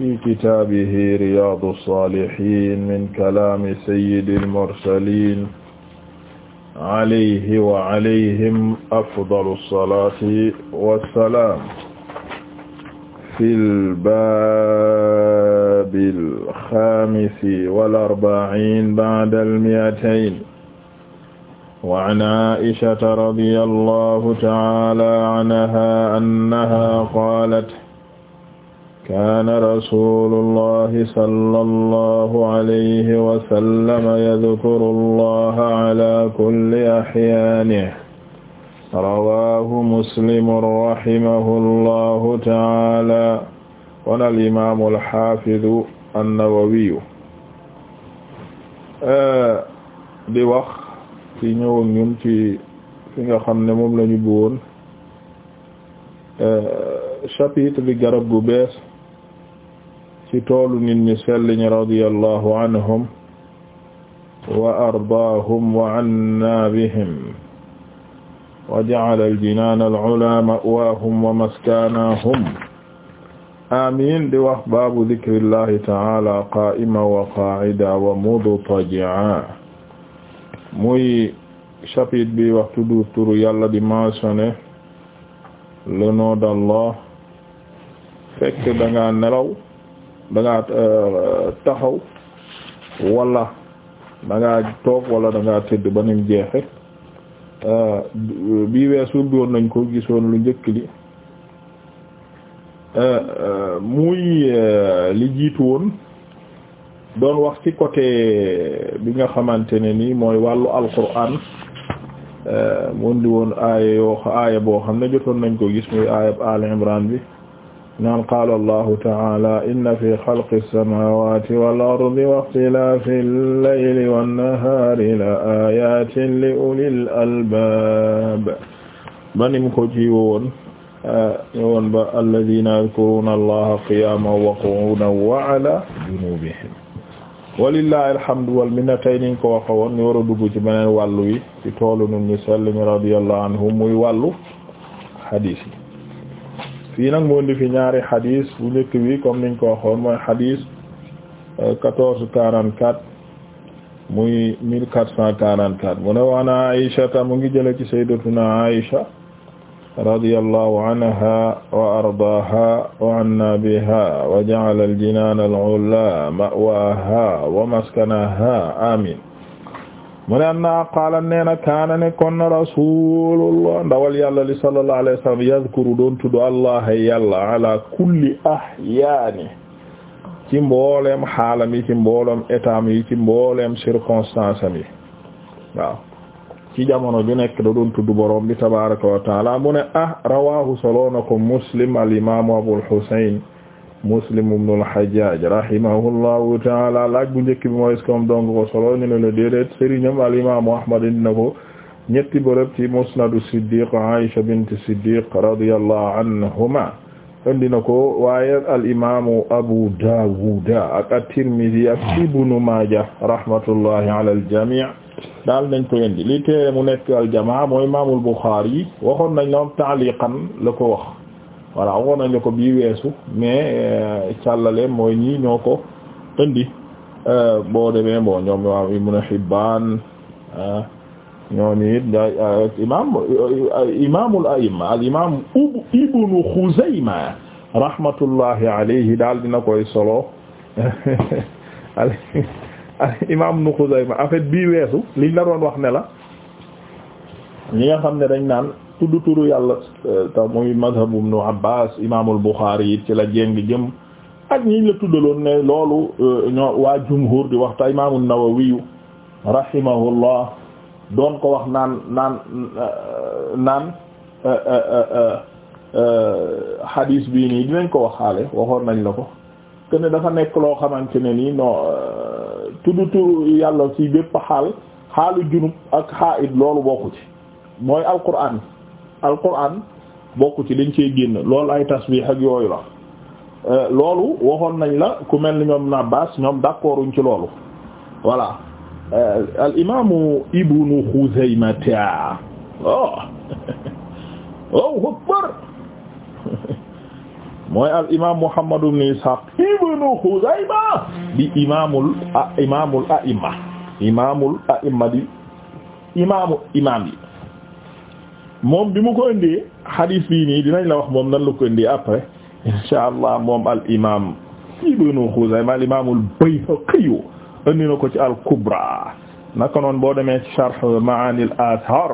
fi kitaabihi riyaadu saalihiin min kalaami sayyidil mursaliin alayhi wa alayhim afdalu salaati wa salaam fil baabil xaamisi wal arba'iin ba'dal mi'atayn وعن عائشة رضي الله تعالى عنها أنها قالت kaana rasuulullahi sallallahu alayhi wa sallam yadkuru allaha ala kulli ahyaanihi rawaahu muslimun rahimahullahu ta'aala qaala al-imaamu al-haafidu an-nawawiyu di wax ci ñëw ñun ci fi nga xam ne moom lañu bëggoon chapitre bi garab gu bees ci toolu nit ñi sell ñi radiyallahu anhum wa ardaahum wa anna bihim wa ja'ala al-jinaan al-'ulaa ma'waahum wa maskaanahum amiin di wax baabu dhikrillahi ta'aala qaa'iman wa qaa'idan wa mudtaji'an muy chapitre bi wax tuddu turu Yàlla di mentionner le nom d'Allah fekk danga nelaw da euh, taxaw wala da toog wala da ngaa tëdd ba nim jeexe euh, bii weesu doon nañ ko gisoon lu njëkk li euh, muy li jiitu woon doon wax ci côté bi nga xamante ne nii mooy wàllu alquran mu indi woon aaya yoo aaya boo xam ne jotoon nañ ko gis muy aayab Al Imran bi naan qaala allahu taala inna fi xalqi alsamawati wal ardi wa ixtilaafi allayli wannahaari la ayatin li ulil albaab banim ko ci woon ñëwoon eh, ba alladina yadkuruuna allaha qiyaaman wa qu'uudan wa ala junuubihim walillahi alhamdu wal minna tey niñ ko waxe woon ñu war a dugg ci beneen wàllu yi ci toolu nun ñu sell mi radiyallahu anhum muy wàllu hadiis yi fii nag moo indi fi ñaari xadis bu njëkk bi comme niñ ko waxoon mooy xadis euh, quatorze quarante quatre muy mille quatre cent quarante quatre mu ne waan Aïcha ta mu ngi jële ci sayyidatuna Aïcha radiyallahu anha wa ardaaha wa anna biha wa ja'ala al-jinaan al-'ulaa ma'waaha wa maskanaha amiin mu anna qaala nee na kaana nekkoon na rasulullah ndawal yàlla li sallallahu alayhi wa sallam yadhkuru doon tudd allah yàlla ala kulli ahyaani ci mbooleem xaalam yi ci mbooleem état circonstance am yi waaw ci jamono ju nekk da doon tudd borom bi tabaaraka wa mu ne ah rawaahu solo muslim al imaamu abul husayn Muslim ibn al-Hajjaj rahimahullahu ta'ala laaj bu njëkk bi mooy est-ce que moom dong ko solo ñu ne la déedéet sëriñam al-Imam Ahmad dina ko ñetti bërëb ci Musnad as-Siddiq Aisha bint as-Siddiq radiyallahu anhuma indi na ko waaye al-Imam Abu Dawud ak at-Tirmidhi ak Ibn Majah rahmatullahi ala al-jami' daal nañ ko indi li téere mu nekk al-Jamaa mooy Imam al-Bukhari waxoon nañ la moom ta'liqan la ko wax voilà waxoon nañ ko bii weesu mais euh, càllale mooy ñii ñoo ko indi euh, boo demee bon ñoom Ibn Hibbaan ah, ñoom it euh, imaam imaamul al imaam Ibn Xuzayma rahmatullahi alayhi daal dina koy solo al imaam Ibn Xuzayma en bii weesu liñ la doon wax ne la ñi nga xam ne dañ naan. tudd turu yàlla euh, te muy madhabu ibnu abbas imaamul buxaari it ci la jéng jëm ak ñi la tuddaloon ne loolu euh, ñoo waa jumhur di waxta te imaamu nawawiyu rahimahullah doon ko wax naan naan euh, naan hadis bii nii dinañ ko waxaale waxoon nañ la ko que ne dafa nekk loo xamante ne nii non tudd yàlla ci bépp xaal xaalu junub ak xaid loolu bokku ci mooy alquran alquran bokk ci dañ cee génn loolu ay tasbih ak yooyu la euh, loolu waxoon nañ la ku mel ni ñoom Abbas ñoom d'accorduñ ci loolu voilà euh, al imaamu ibnu Xuzaymata oh oh mooy al imaam Muhammad ibn Ishaq ibnu Xuzayma di imaamul imaamul a'imma imaamul a'imma di imaamu imaam yi moom bi mu ko indee hadis bii nii dinañ la wax moom nan la ko indee après insha allah moom al imam ibnu Xuzayma al imam al Bayhaqi indi na ko ci al Kubra naka noon boo demee ci sharh maani al athar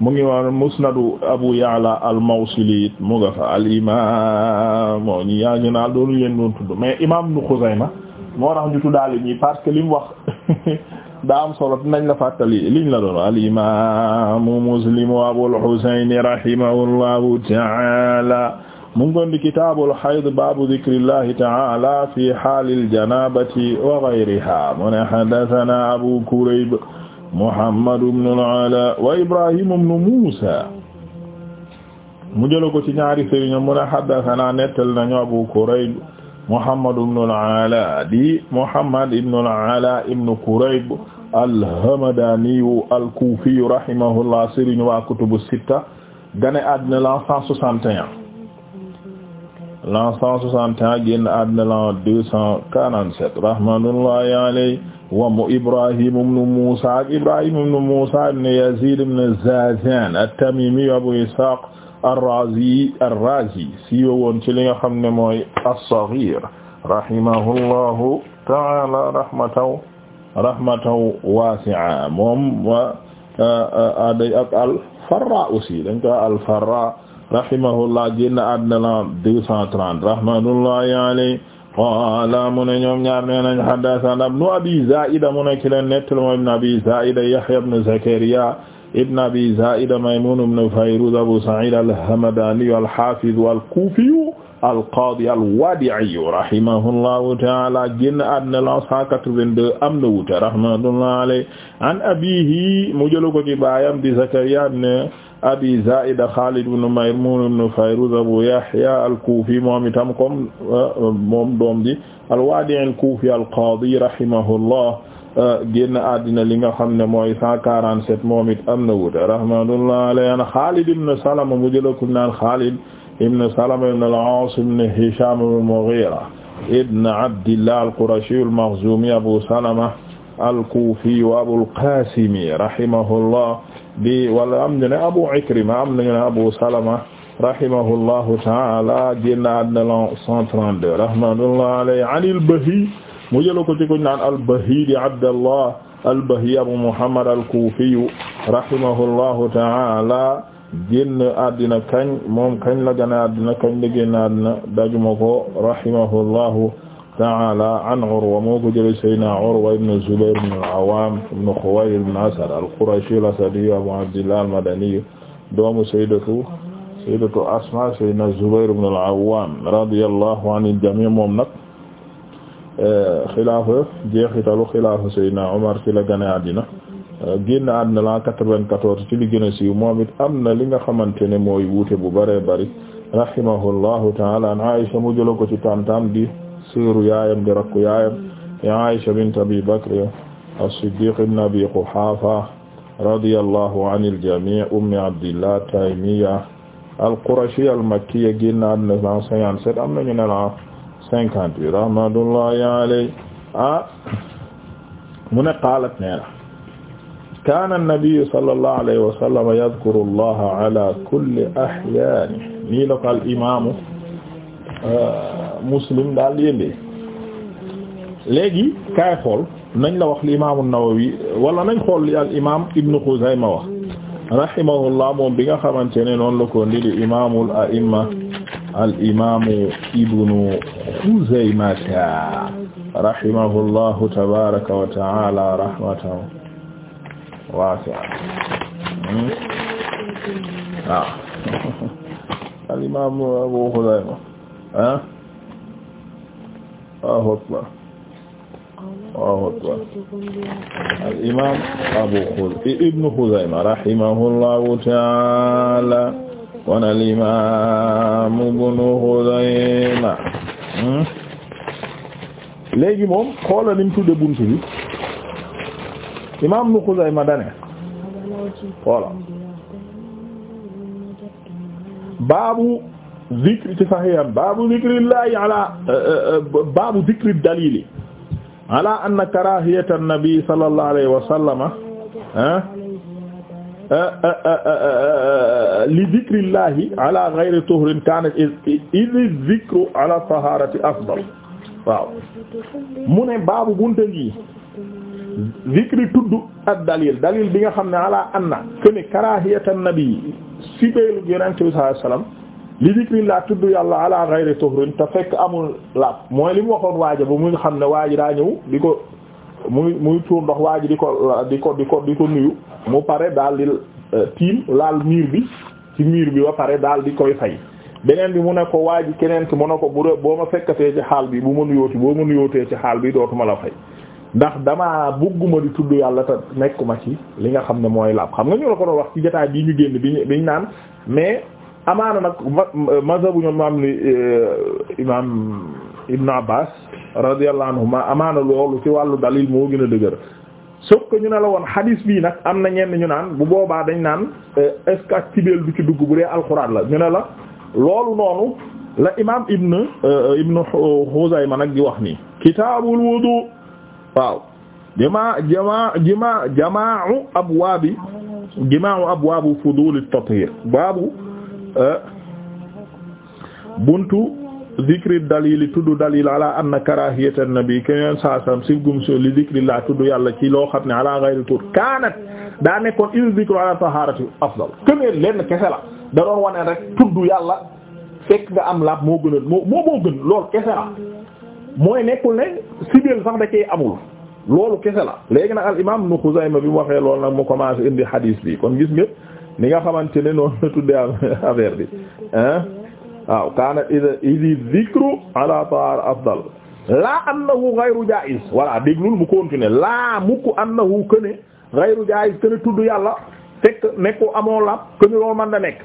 mu ngi woon musnadu Abu Ya'la al Mawsili mu nga fa al imam yaa ñu naal doonu leen doon tudd mais imam ibnu Xuzayma moo tax ñu tuddaale ñi parce que li mu wax daa am solo nañ la fàttali liñ la doon al imaamu Muslim wa Abul Husayn rahimahullahu ta'ala mu ngi di kitaabul hayd baabu dhikrillahi ta'ala fi haalil janaabati wa ghayrihaa mu ne haddathanaa Abu Kurayb Muhammad ibn al-Alaa wa Ibraahiim ibn Muusaa mu jël ko ci ñaari sëriñ mu ne haddathanaa nettal nañu Abu Kurayb Muhammad ibn al-Ala di Muhammad ibn al-Ala ibn Kurayb al-Hamadaniyu al-Kufiyu rahimahullah sëriñu waa kutubu sitta gane àddina l'an cent soixante et un l'an cent soixante et un génn àddina l'an deux cent quarante-sept rahmatullahi alayhi wa mu Ibrahim ibn Musa Ibrahim ibn Musa ibn Yazid ibn Zazan at-Tamimi Abu Ishaq ar-Razi ar-Razi siiwe woon ci li nga xam ne mooy as-Saghir rahimahullahu ta'ala rahmatan rahmatan wasi'a moom wa aday ak al-Farra aussi dañ ko al-Farra rahimahullah génn àddina la 230 rahmatullahi alayhi qala mu ne ñoom ñaar nee nañ haddathana ibnu abi Zaida mu ne ki leen nettali mooy ibnu abi Zaida Yahya ibnu Zakariya ibn abi zaida maymun ibn fayruz abu sa'id alhamadaniyu alhafizu alkufiyu alqaadi alwadiiyu rahimahullahu taala génn àddina la 182 am na wuute rahmatullahi alayhi an abihi mu jëlu ko ci baayam di zakariya ibn abi zaida xaalid ibn maymun ibn fayruz abu yahya alkufi moom itam comme euh, moom doom di alwadiiyu alkufi alqaadi rahimahullah génn àddina li nga xam ne mooy cent quarante sept moom it am na wuute rahmatullah alayhi Xaalid ibn Salama mu jëla ko naan Xaalid ibn Salama ibn al-Aas ibn Hisham ibn al-Mughira ibn Abdillah al-Qurashi al-Makhzumi Abu Salama al-Kufi wa Abul Qasim rahimahullah di wala am ñu ne Abu Ikrima am nañu ne Abu Salama rahimahullahu ta'ala génn àddina la cent trente-deux rahmatullah alayhi an al-Bahi mu jëla ko ci kuñ naan al-Bahii di Abdallah al-Bahii Abu Muhammad al-Kuufiyu rahimahullahu ta'ala génn àddina kañ moom kañ la gën a àddina kañ la génn àddina dajuma ko rahimahullahu ta'ala an Urwa moo ko jëlee Seydina Urwa ibn Zubayr ibn al-Awwam ibn Khuwayl ibn Asad al-Qurashi al-Asadi Abu Abdillah al-Madani doomu sayyidatu sayyidatu Asma Seydina Zubayr ibn al-Awwam radiyallahu anil jami' moom nag xilaafa jeexitalu xilaafa Seydina Omar ci la gane àddina génn àddina la 94 ci li gën a siiw moom it am na li nga xamante ne mooy wuute bu bëree bëri rahimahullahu taala an Aïcha mu jëla ko ci tantam di seeru yaayam di rakku yaayam ya Aïcha bint Abi Bakr as-Siddiq ibn Abi Quhafa radiyallahu anil jami' ummi Abdillah Taymiya al-Qurashiyya al-Makkiyya génn àddina 157 am nañu ne la cinquante huit rahmatullahi alayhi ah mu ne qaalat nee na kaana nabiyu sallallahu alayhi wa sallam yadkuru allaha ala kulli ahyaani nii la ko al imaamu ah, muslim daal yëndee léegi kaay xool nañ la wax li imaamu Nawawi wala nañ xool li al imaam ibnu Xuzayma wax rahimahullah moom bi nga xamante ne noonu la ko ndi di imaamul a'imma al imaamu ibnu Xuzaymata rahimahullahu tabaaraka wa ta'aala rahmatan waasi'atan hmm? ah. waaw al imaamu Abu Xuzayma ah Allahu akbar Allahu akbar al imaamu Abu Xuzayma ibnu Xuzayma rahimahullahu ta'aala kon al imaam Ibnu Xuzayma hmm? léegi moom xoola nim tudde bunt bi imaam Ibnu Xuzayma dane xoola baabu zikri ci saxiixam baabu zikrillaahi ala euh, euh, euh, baabu zikri dalili ala anna karaahiyata nabi sallallahu alayhi Euh, euh, euh, li dhikrillahi ala ghayri tuhrin kaana idh dhikru ala taharati afdal waaw mu ne baabu bunte gi tudd ak dalil dalil bi nga xam ne ala anna kene karahiyatan nabi si béelu yonente bi sallallahu li zikrillah tudd yàlla ala ghayri tuhrin te fekk amul laab mooy li mu waxoon waaja ba mu xam ne waaji daa ñëw muy muy tuur ndox waa ji di ko di ko di ko di ko nuyu mu pare daal di euh, tiim laal miir bi ci miir bi ba pare daal di koy fay beneen bi mu ne ko waa keneen ki mu ne ko bu boo ma fekkatee ci xaal bi bu ma nuyooti boo ma nuyootee ci xaal bi dootuma la fay ndax damaa bugguma di tudd yàlla te nekkuma ci li nga xam ne mooy laab xam nga ñu la ko doon wax ci jotaay bii ñu génn bi ñu naan mais amaana nag mazhabu ñoom maam li eh, imam Ibn Abbas ci wàllu dalil moo gën a dëgër sauf que ñu ne la woon hadis bii nag am na ñenn ñu naan bu boobaa dañ naan eh, est ce que ak cibeel du ci dugg bu dee alxuraan la ñu ne la loolu noonu la imam Ibn eh, Ibn Xuzayma nag di wax nii kitaabul wudu waaw jamaa jamaa jamaa jamaa abwaabi jamaa abwaabu tathir baabu Euh, buntu zikri dalili tudd dalil ala anna karahiyatan nabi keneen saasam si gum so li zikri la tudd yàlla ci loo xam ne ala ghayri tur kaanat daa nekkoon in zikru ala taharati afdal keneen lenn kese la da doon wane rek tudd yàlla fekk nga am laab moo gën loolu kese la mooy nekkul ne sibeel sax da cee amul loolu kese la léegi nag al imam nu Xuzayma bi mu waxee loolu nag mu commencé indi hadis bi kon gis nga ni nga xamante ne noonu la tuddee affaire bi ah waaw kaanat idi dhikru ala tahar afdal laa annahu ghayru jaiz voilà déglul mu continuer laa mukk annahu këne ghayru jaiz këne tudd yàlla fekk nekku amoo lap këne loolu man da nekk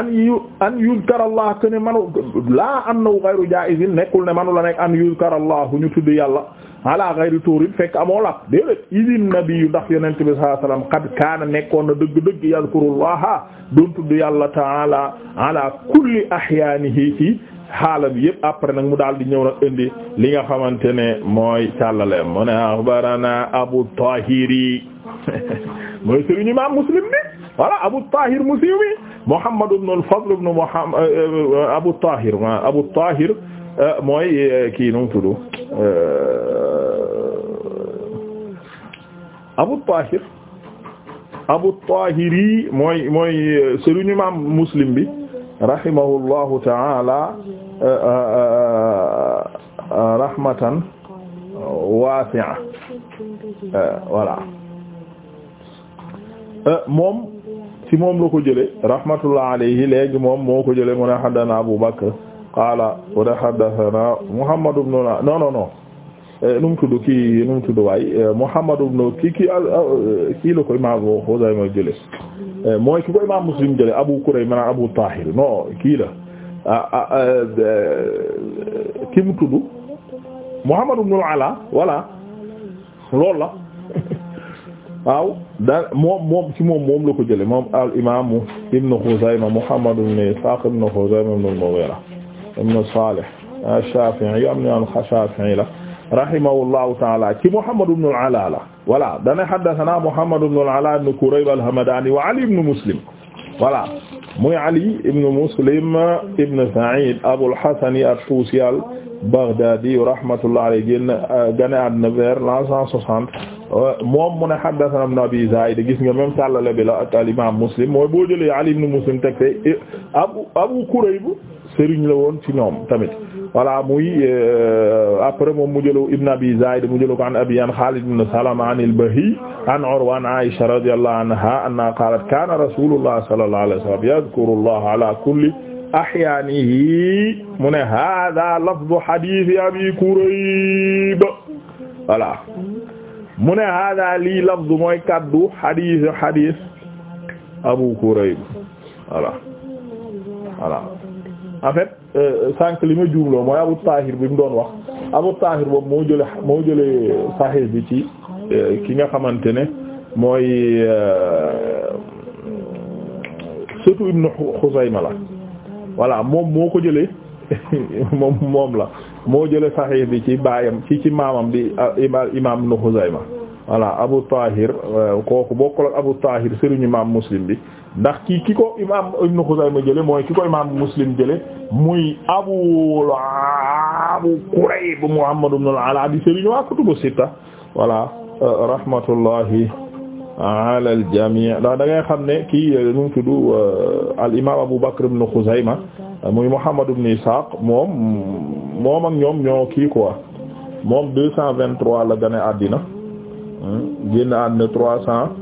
an yu an yuzkar allah këne manu laa annahu ghayru jaiz nekkul ne manu la nekk an yuzkar allah ñu tudd yàlla ala ghayri turin fekk amoo làpp déedéet idin nabiyu ndax yonent bi sallallahu alayhi wasallam qad kaana nekkoon na dëgg-dëgg yadhkurullaha doon tudd yàlla ta'ala ala kulli ahyaanihi ci xaalam yëpp après nag mu daal di ñëw nag indi li nga xamante ne mooy càllale mu ne akhbarana abu tahiri mooy sëriñ imam muslim bi voilà abu tahir musimi muhammad ibn al-fadl ibn muhammad euh, euh, abu tahir abu tahir euh, mooy kii nu mu tudd Abu Tahir Abu Tahiri mooy mooy euh, sëriñu imam Muslim bi rahimahullahu ta'ala euh, euh, rahmatan wasi'a voilà moom ci moom la ko jële rahmatullah alayhi léegi moom moo ko jële mu ne haddathana Abu Bakr qala wa haddathana Muhammad ibn non non non Euh, nu mu tudd kii nu tudd waay euh, Muhammad ibn kii kii euh, kii la ko imaam jële mooy ki ko Muslim jële Abu Kurayb maanaam Abu Tahir non kii la ah, ah, ki mu tudd Muhammad ibn al-Ala voilà loolu la waaw da moom moom ci moom la ko jële moom al imaamu ibn Xuzayma Muhammad ibn Isaaq ibn Xuzayma ibn al-Mughira ibn Salih ash am na an la rahimahullahu taala ci Muhammad ibn al-Ala la voilà dana haddathana Muhammad ibn al-Ala ibn Kurayb al-Hamadani wa Ali ibn Muslim voilà muy Ali ibn Muslim ibn Sa'id Abul Hasan at-Tusi al-Baghdadi rahmatullahi alayhi génn euh, gane àddina vers l'an 160 euh, moom mu ne haddathana ibn Abi Zaid gis nga même tàllale bi la ak al-Imam Muslim mooy boo jëlee Ali ibn Muslim teg te eh, Abu Abu Kurayb sëriñ la woon ci ñoom tamit voilà muy euh, après moom mu jëlu ibn abi zaid mu jëlu ko an abi an khalid ibn salama an al-bahi an urwa an aisha radiyallahu anha anna qalat kana rasulullah sallallahu alayhi wa sallam yadhkuru allah ala kulli ahyaanihi mu ne hada lafdu hadithi abi kurayb voilà mu ne hada lii lafdu mooy kaddu hadith hadith abu kurayb voilà voilà en fait euh, sànq li ma juumloo mooy Abu Tahir bi mu doon wax Abu Tahir boobu moo jële moo jële Sahih bi ci euh, ki nga xamante ne mooy euh, surtout Ibn Xuzayma la voilà moom moo ko jëlee moom moom la moo jële Sahih bi ci baayam ci ci maamam di imaam Ibn Xuzayma voilà Abu Tahir kooku bokkul ak Abu Tahir sëriñu maam Muslim bi ndax ki ki ko imam ibnu Xuzayma jële mooy ki ko imam Muslim jële muy abu abu Kurayb Muhammad ibn al-Ala di sëriñ waa kutubu sitta voilà euh, rahmatullahi ala al-jami' ndax da ngay xam ne kii euh, nu mu tudd euh, al imam Abu Bakr ibn Xuzayma muy Muhammad ibn Ishaq moom moom ak ñoom ñoo kii quoi moom deux cent vingt-trois la gane àddina hmm, génn àddina trois cent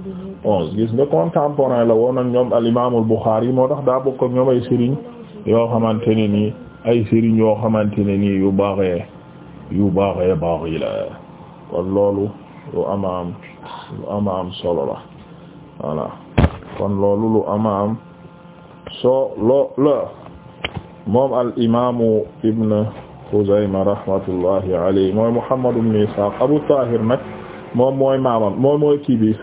onze gis nga contemporain la woon ak ñoom al moo tax daa bokk ak yoo xamante ne nii ay sëriñ yoo xamante ne nii yu baaxee yu kon loolu lu ama am lu ama solo la kon loolu lu ama am solo moom al Ibn Xuzayma rahmatullahi alayhi mooy Muhammad ibn Isaaq Abu Tahir nag mooy mooy kii bi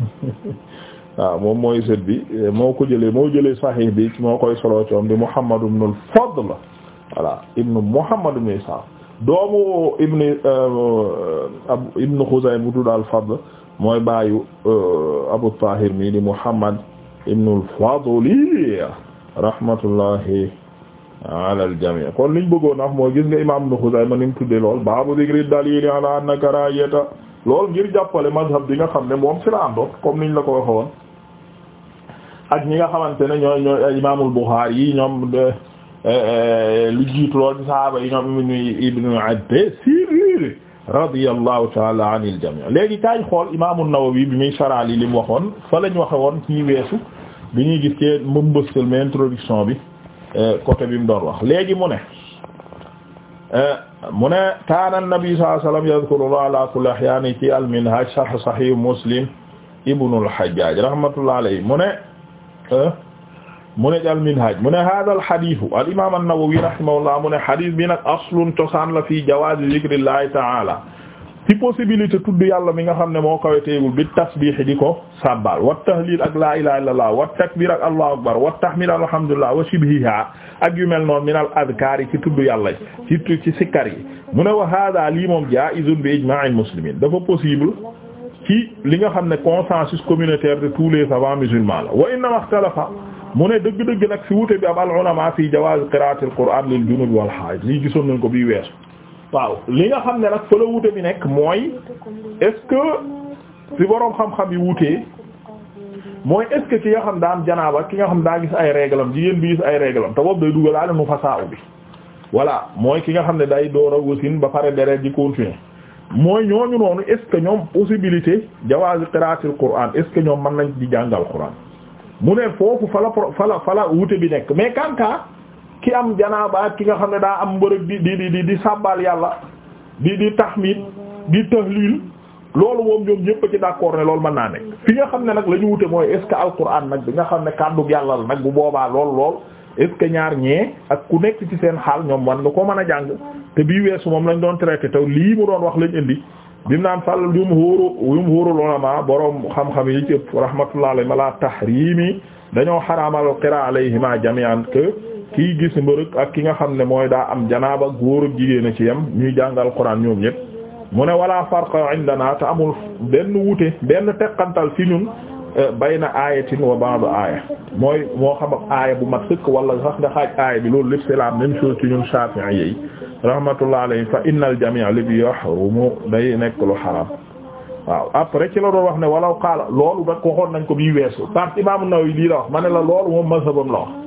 waaw moom mooy sët bi moo ko jëlee moo jëlee sahih bi moo koy solo ci moom di Muhammad ibn al-Fadl voilà ibn Muhammad ibn Isaaq doomu ibn euh, ab ibn Xuzayma bu al-Fadl mooy baayu euh, Abu Tahir mi di Muhammad ibn al-Fadl rahmatullahi ala al-jamii kon liñ bëggoon a wax mooy gis nga imaam ibn Xuzayma ni mu lool baabu dhikri daliil ala anna karaahiyata loolu ngir jàppale mazhab bi nga xam ne moom si la àndoon comme niñ la ko waxee woon ak ñi nga xamante ne ñooy ñooy imaamul Buxaari yi ñoom eh, eh, lu jiitu lool ci sahaaba yi ñoom ibnu ibnu Abbas radiyallahu taala anil jamii léegi kaay xool imaamu Nawawi bi muy saraali li mu waxoon fa lañ waxe woon fii weesu bi ñuy gis ci mbëmbëstal mais introduction bi eh, côté bi mu doon wax léegi mu ne Eh, mu ne kaana nabi sallallahu alayhi wa sallam yadhkurullah ala kulli ahyaani ci al-Minhaj sharh sahih Muslim ibn al-Hajjaj rahmatullah alayhi mu ne eh, mu ne al-Minhaj mu ne hadha al-hadith al-imam an-Nawawi rahimahullah mu ne hadith bi nag aslun cosaan la fi jawaazi dhikrillahi ta'ala ci possibilité tudd yàlla mi nga xam ne moo kawe teegul bi di ko sabbal wa tahlil ak laa ilaha illa allah wa takbir ak allahu akbar wa tahmid alhamdulillah wa shibhiha ak yu mel noonu min al adkaar yi ci tudd yàlla ci ci sikkar yi mu ne wa hada moom jaa'izun bi ijma'il muslimin dafa possible ci li nga xam ne consensus communautaire de tous les savants la wa innama ikhtalafa mu ne dëgg-dëgg nag fi wute bi am al ulama fi jawaaz qira'ati lil junub wal haid lii gisoon nañ ko bii weesu waaw li nga xam ne nag fa la wuute bi nekk mooy est-ce que fi boroom xam-xam yi wuutee mooy est-ce que ki nga xam daa am janaaba ki nga xam daa gis ay réglam jigéen bi gis ay réglam te boobu day duggalaale nu fasaa bi voilà mooy ki nga xam ne day door a wasin ba pare deret ji continuer mooy ñooñu noonu est que ñoom possibilité jawaazu qiraatil Qur'an est-ce que ñoom mën nañ di jàngal Qur'an mu ne foofu fa la fala fala wuute bi nekk mais kanka ki am janaaba ak ki nga xam ne daa am mbërëg di di di di sàbbaal yàlla di di tahmid di tahlil loolu moom ñoom ñépp a ci d'accord ne lool man naa nekk fi nga xam ne nag la ñu wute mooy est-ce que alquran nag bi nga xam ne kàddu yàlla la nag bu boobaa lool lool est-ce que ñaar ñee ak ku nekk ci seen xaal ñoom man nga ko mën a jàng te bii weesu moom lañ doon traité taw lii mu doon wax lañ indi bi mu naan fàll jumhuuru jumhuurul ulamaa boroom xam-xam yi ci ëpp rahmatullah alayhi ma la tahrimi dañoo xaraamal qira alayhima jami'an que kii gis mbërëg ak ki nga xam ne mooy daa am janaaba góor ak jigéen a ci yem ñuy jàngal Alxuraan ñoom ñépp mu ne wala farqa indana te amul benn wute benn teqantal fi ñun eh, bayna ayatin wa ba'd aaya mooy moo xam ak aaya bu mat sëkk wala sax nga xaaj aaya bi loolu lépp c'est la même chose ci ñun Shafi'i yi rahmatullah alayhi fa innal jami' li bi yahrumu day nekk lu xaraam waaw après ci la doon wax ne walaw qaala loolu nag waxoon nañ ko bii weesu par imam Nawawi lii ma la loolu moom la wax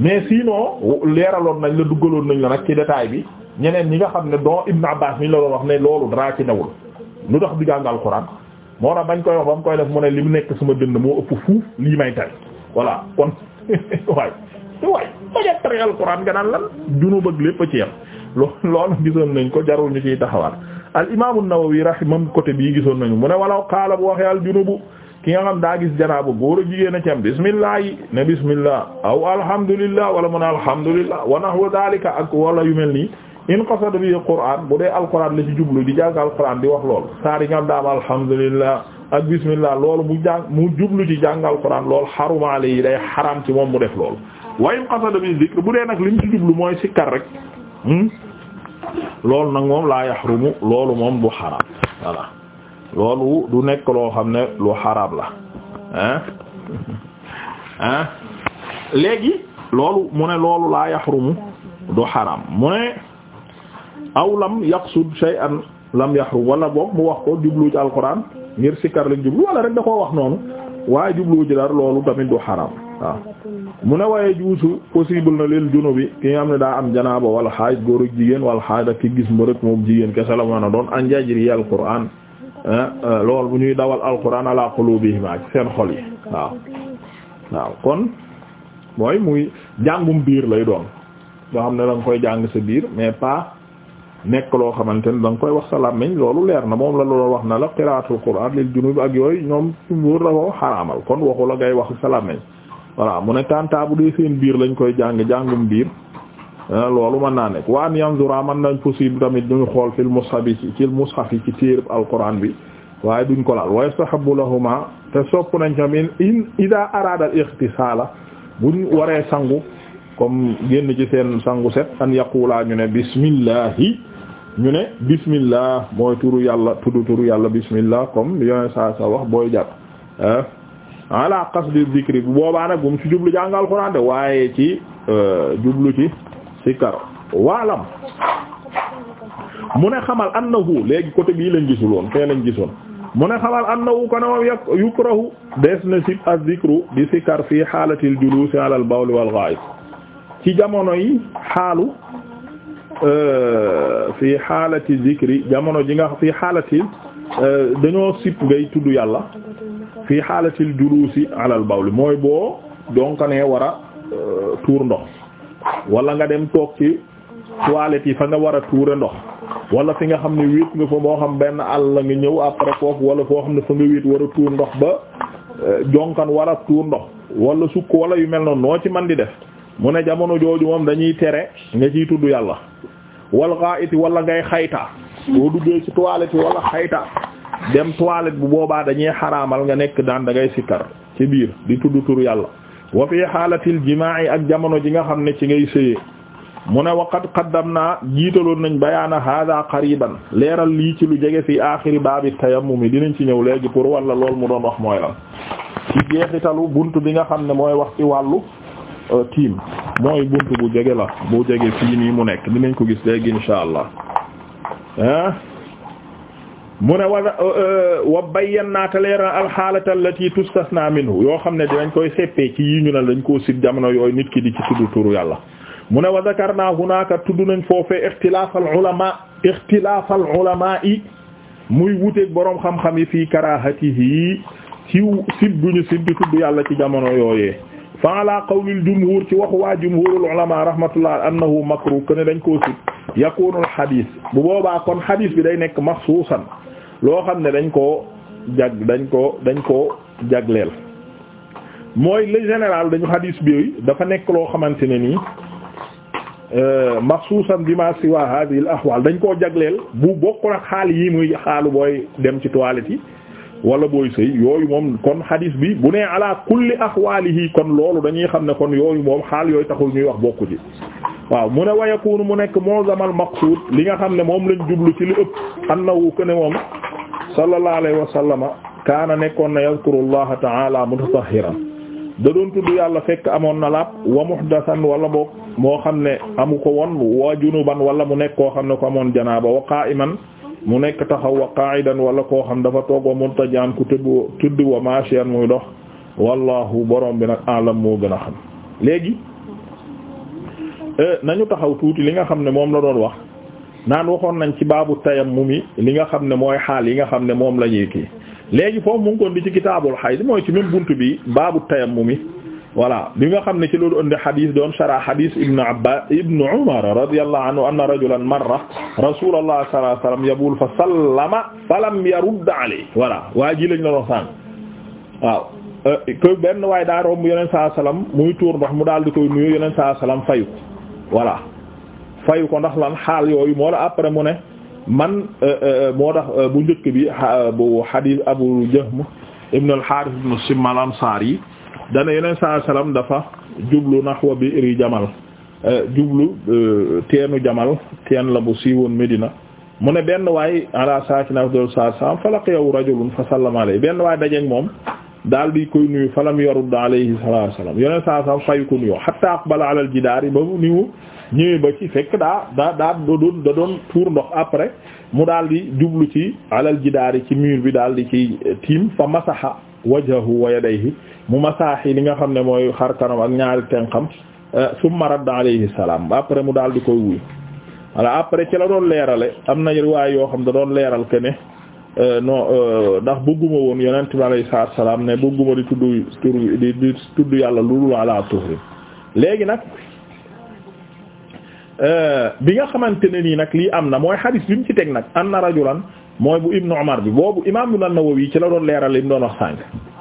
mais sinon leeraloon nañ la duggaloon nañ la nag ci détail bi ñeneen ñi nga xam ne don Ibn Abbas mi la doon wax ne loolu dara ci newul lu tax di jàng alxuraan moo tax bañ koy wax ba mu koy def mu ne li mu nekk sama dënd moo ëpp fuuf lii may tari voilà kon waay waay bañ a tari alxuraan nga naan junub ak lépp a ci yam loolu gisoon nañ ko jarul ñu ciy taxawaat al imaamu Nawawi rahimam côté bii gisoon nañu mu ne walaw qaala bu waxee al ki nga xam daa gis janaaba góor a jigéen a ci am bismillah yi ne bismillah aw alhamdulillah wala mu ne alhamdulillah wa nahwu daalika ak wala yu mel nii in qasada bi alquran bu dee alquran la ci jublu di jàng alquran di wax lool saar yi nga xam daa am alhamdulillah ak bismillah loolu mu jàng mu jublu ci jàng alquran lool xaruma ale yi day xaram ci moom mu def lool wa in qasada bi zikr bu dee nag li mu ci jublu mooy sikkar rek hmm? loolu nag moom laa yaxrumu loolu moom bu xaram voilà loolu du nekk loo xam ne lu xaraam la ah léegi loolu mu ne loolu laa yaxrumu du xaraam mu ne aw lam yaqsud an lam yaxrum wala boog mu wax ko jublu ci alquran ngir sikkar lañ jublu wala rek da koo wax noonu waaye jublu ci dara loolu tamit du xaraam waaw mu ne waaye juusu possible na lil junubi ki nga xam ne daa am janaaba wala xaaj góor ak jigéen wala xaaj ak ki gis mbërëk moom jigéen kese la mën a doon an jajri alquran Eh, eh, loolu bu ñuy dawal alquran ala qulubihim ak seen xol yi waaw waaw kon mooy muy jàngum biir lay doon loo xam ne da koy jàng sa biir mais pas nekk loo xamante ne da koy wax sa làmmiñ loolu leer na moom la loolu wax na la qiraatul qur'an lil junub ak yooyu ñoom jumhur la ko xaraamal kon waxu la ngay wax sa làmmiñ voilà mu ne tàntaa bu dee seen biir lañ koy jàng jàngum biir Ah, loolu mën naa nekk wa an yanzura mën nañ possible tamit duñu xool fil mushaf yi ci fil mushaf yi ci téereb alquran bi waaye duñ ko laal wa yastahabbu lahuma te sopp nañ tamit in ida arada al ightisala buñ waree sangu comme génn ci seen sangu set an yaqula ñu ne bismillahi ñu ne bismillah mooy turu yàlla tudd turu yàlla bismillah comme yoneen saa sa wax booy jàpp ah, ala qasdi dhikri boobaa nag bu mu ci jublu jàngal de waaye ci euh, jublu ci sikar waalam mu ne xamal annahu léegi côté bii lañ gisul woon fee lañ gisoon mu ne xamal annahu ko ne moom yukrahu dees na sib az-zikru di sikar fii xaalatil juluusi ala al-bawl wal ghaa'it ci jamono yi xaalu euh, fii xaalati zikri jamono ji nga fii xaalati euh, dañoo sib ngay tudd yàlla fii xaalatil juluusi ala al mooy boo donc ne euh, tuur ndox wala nga dem toog ci toilette yi fa nga war a tuure ndox wala fi nga xam ne wéet nga fa moo xam benn àll nga ñëw après foofu wala foo xam ne fa nga wéet war tuur ndox ba euh, jonkan wara a tuur ndox wala sukk wala yu mel noonu noo ci man di def mu ne jamono jooju moom dañuy tere nga ciy tudd yàlla wal ghaa'iti wala ngay xayta boo duggee ci toilette yi wala xayta dem toilette bu boobaa dañuy xaraamal nga nekk daan da ngay sikkar ci biir di tudd tur yàlla wa fi xaalatil jima'i ak jamono ji nga xam ne ci ngay sëyee mu ne waqad qaddamna jiitaloon nañ bayaana hada qariban leeral lii ci lu jege fi aaxiri baabi tayammum yi dinañ ci ñëw léegi pour walla lool mu doon wax mooy lan ci jeexitalu bunt bi nga xam ne mooy wax ci wàllu euh, tiim mooy bunt bu jege la bu jege fii nii mu nekk dinañ ko gis léegi insha allah ah mu ne euh, euh, wa wa bayyannaa te leeral alxaalata allati tustasna minhu yoo xam ne dinañ koy seppee ci yi ñu ne dañ koo sit jamono yooyu nit ki di ci tudd turu yàlla mu ne wa zakarnaa hunaaka tudd nañ foofee ixtilaaf al ulama ixtilaaf al ulama yi muy wuteeg boroom xam-xam yi fii karaahatihi ci sib bu ñu sib bi tudd yàlla ci jamono yooyee fa ala qawlil jumhur ci waxu waa jumhurul ulama rahmatullah annahu makruh ne dañ koo sit yakuunul xadiis bu boobaa kon xadiis bi day nekk maxsuusan loo xam ne dañ koo jag dañ koo dañ koo jagleel mooy le général dañu hadis bi dafa nekk loo xamante ne nii euh, maxsuusan bi ma siwa hadhihi al ahwal dañ koo jagleel bu bokkul ak xaal yii muy xaal booy dem ci toilette yi wala booy sëy yooyu moom kon hadis bi bu nee ala kulli yii kon loolu dañuy xam ne kon yooyu moom xaal yooyu taxul ñuy wax bokku ci waaw mu ne wayakunu mu nekk moo mu'zamal maqsuud li nga xam ne moom lañ jublu ci li ëpp annahu ne moom sallallahu alayhi wa sallama kaana nekkoon na yazkurullaha ta'ala mutatahhiran da doon tudd yàlla fekk amoon na laab wa muhdathan wala boog moo xam ne amu ko woon wa junuban wala mu nekk koo xam ne ko amoon janaaba wa qa'iman mu nekk taxaw wa qa'idan wala koo xam dafa toog wa muntajan ku tëdd tudd wa mashiyan muy dox wallahu borom bi nag alam moo gën a xam léegi eh, nañu taxaw tuuti li nga xam ne moom la doon wax naan waxoon nañ ci baabu tayammumi li nga xam ne mooy xaal yi nga xam ne moom la ñuy kii léegi foofu mu ngi koon di ci kitaabul xayd mooy ci même buntu bi baabu tayammumi voilà bi nga xam ne ci loolu ëndi xadis doon shara xadis ibnu abbas ibnu umar radiyallahu anhu anna rajulan marra rasulullah sallallahu alayhi fa sallama falam yarudd alayhi voilà waa ji lañ la doon sànq waaw benn waaye daa romb yeneen saa salaam muy tuur ndox mu daal di koy nuyu yeneen saa salaam fayu voilà fayu ko ndax lan xaal yooyu moo la après mu ne man euh, euh, moo tax euh, bu njëkk bi bu hadith Abu Jahm ibn al-Harith ibn Simm al-Ansari dana yeneen saa salaam dafa jublu nahwa bi'ri Jamal jublu teenu Jamal teen la bu siiwoon Medina mu ne benn waay ala saakina afdal saa salaam fa laqiyahu rajulun fa sallama alayhi benn waay dajeek moom. daal di koy nuyu falam yarud alayhi salatu wasalam yoneen saa salam fayu ko nuyoo hatta aqbala ala al ba mu niwu ñëwee ba ci fekk daa daa daa doon da doon tuur ndox après mu daal di jublu ci alal jidaar yi ci mur bi daal di ci tiim fa masaha wajhahu wa yadayhi mu masaahi li nga xam ne mooy xar kanam ak ñaari tenxam eh, summa radda alayhi salaam après mu daal di koy wuy voilà après ci la doon leerale am na riwaay yoo xam da doon leeral ke Euh, non euh, ndax bëgguma woon yonent bi alayhi salaatu salaam ne bëgguma di tudd tur di di tudd yàlla loolu ala tuhri léegi nag euh, bi nga xamante ne nii nag lii am na mooy xadis bi mu ci teg nag anna rajulan mooy bu Ibnu Umar bi boobu imaam An-Nawawi ci la doon leeral li mu doon wax sànq.